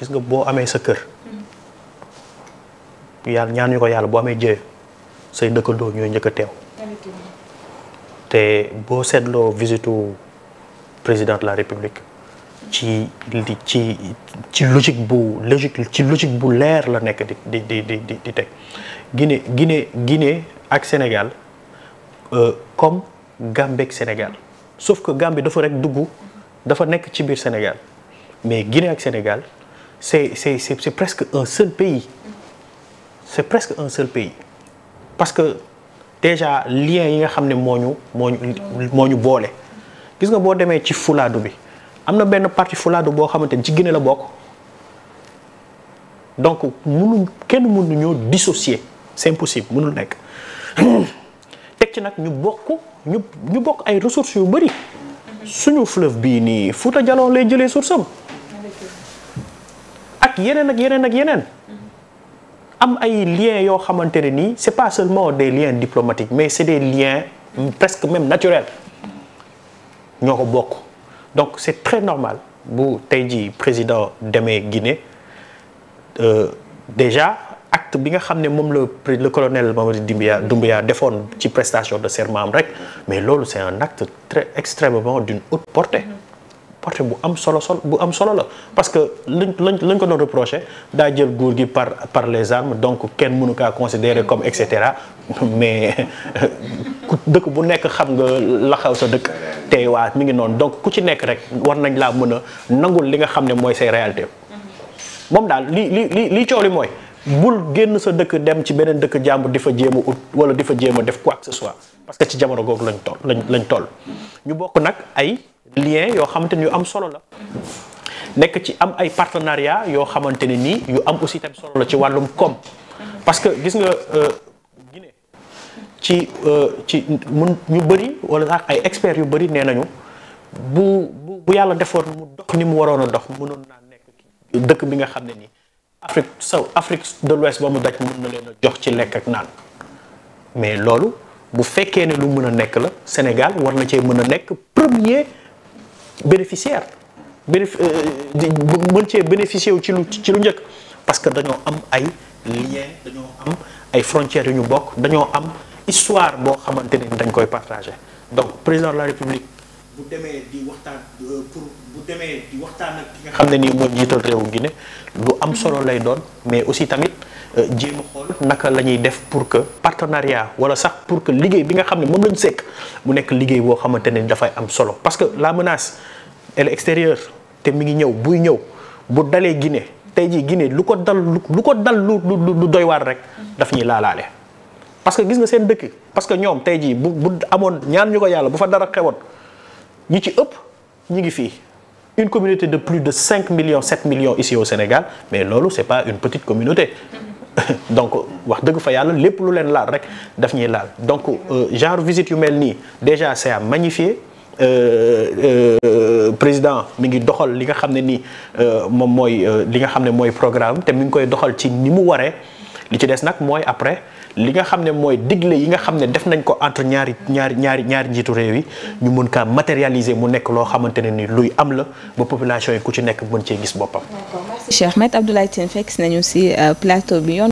gis nga boo amee sa kër yàlla ñaan ñu ko yàlla boo amee jëye say dëkkandoo ñooy njëkk a teew te boo seetloo visitu président de la république ci ci ci logique bu logique ci logique bu leer la nekk di di di di teg Guinée Guinée Guinée ak Sénégal euh, comme Gambie ak Sénégal sauf que Gambie dafa rek dugg dafa nekk ci biir Sénégal mais Guinée ak Sénégal c'est presque un seul pays c'est presque un seul pays parce que déjà lien yi nga xam ne moo ñu moo ñu moo ñu boole gis nga boo demee ci fulaadu bi am na benn partie fulaadu boo xamante ni ci Guinée la bokk donc munu kenn mënu ñoo dissocier c'est impossible mënul nekk teg ci nag ñu bokk ñu ñu bokk ay ressources yu bëri suñu fleuve bii nii Fouta Djallon lay jëlee source yeneen ak yeneen ak yeneen am ay liens yoo xamante ne nii c'est pas seulement des liens diplomatiques mais c'est des liens presque même naturels ñoo ko bokk donc c'est très normal bu tey jii président demee Guinée euh, déjà acte bi nga xam ne moom la le colonel Mamadi Doumbouya Doumbouya defoon ci prestation de serment am rek mais loolu c'est un acte très extrêmement d'une haute portée porte bu am solo solo bu am solo la parce que lañ lañ lañ ko doon reproché daa jël nguur gi par par les armes donc kenn mënu kaa considérer comme et cetera mais dëkk bu nekk xam nga laxaw sa dëkk tey waa mi ngi noonu donc ku ci nekk rek war nañ laa mën a nangul li nga xam ne mooy say réalité moom daal li li li li coow li mooy bul génn sa dëkk dem ci beneen dëkk jàmbur di fa jéem a ut wala di fa jéem a def quoi que ce soit parce que ci jamono googu lañ toll lañ lañ toll ñu bokk nag ay. lien yoo xamante ni yu am solo la nekk ci am ay partenariat yoo xamante ne nii yu am aussi tamit solo la ci wàllum koom parce que gis nga euh, Guinée ci euh, ci mun ñu bëri wala sax ay experts yu bëri nee nañu bu bu yàlla defoon mu dox ni mu waroon a mu mënoon naa nekk dëkk bi nga xam ne nii Afrique saw Afrique de l'Ouest ba mu daj mën na leen a jox ci lekk ak naan mais loolu bu fekkee ne lu mën a nekk la Sénégal war na cee mën a nekk premier. bénéficiaire bénéf euh, di cee bénéficier wu ci lu ci njëkk parce que dañoo am ay liens dañoo am ay frontières yu ñu bokk dañoo am histoire boo xamante ne dañ koy partagé donc président de la république bu demee euh, demee waxtaan ak xam ne ni mooy njiital réewu Guinée lu am solo lay doon mais aussi tamit euh, jéem a xool naka la ñuy def pour que partenariat wala sax pour que liggéey bi nga xam ne moom lañu sekk mu nekk liggéey boo xamante ne dafay am solo parce que la menace elle est te mi ngi ñëw buy ñëw bu dalee Guinée tey jii Guinée lu ko dal lu ko dal lu lu doy waar rek daf ñuy laalaale parce que gis nga seen dëkk parce que ñoom tey jii bu bu amoon ñaan ñu ko yàlla bu fa dara xewoon ñi ci ëpp ñu ngi fii une communauté de plus de 5 millions 7 millions ici au Sénégal mais loolu c'est pas une petite communauté donc wax dëgg fa yàlla lépp lu leen laal rek daf ñuy laal donc euh, genre visit yu mel nii déjà c'est à magnifier Euh, euh, président mi ngi doxal li nga xam ne ni euh, moom mooy euh, li nga xam ne mooy programme te mi ngi koy doxal ci ni mu waree li ci des nag mooy après li nga xam ne mooy digle yi nga xam ne def nañ ko entre ñaari ñaari ñaari ñaari njiitu réew yi ñu mën kaa matérialiser mu nekk loo xamante ne ni luy am la ba population yi ku ci nekk mën cee gis boppam. D'accord merci Cheikh Maître fekk nañu ci euh, plateau bi yoon.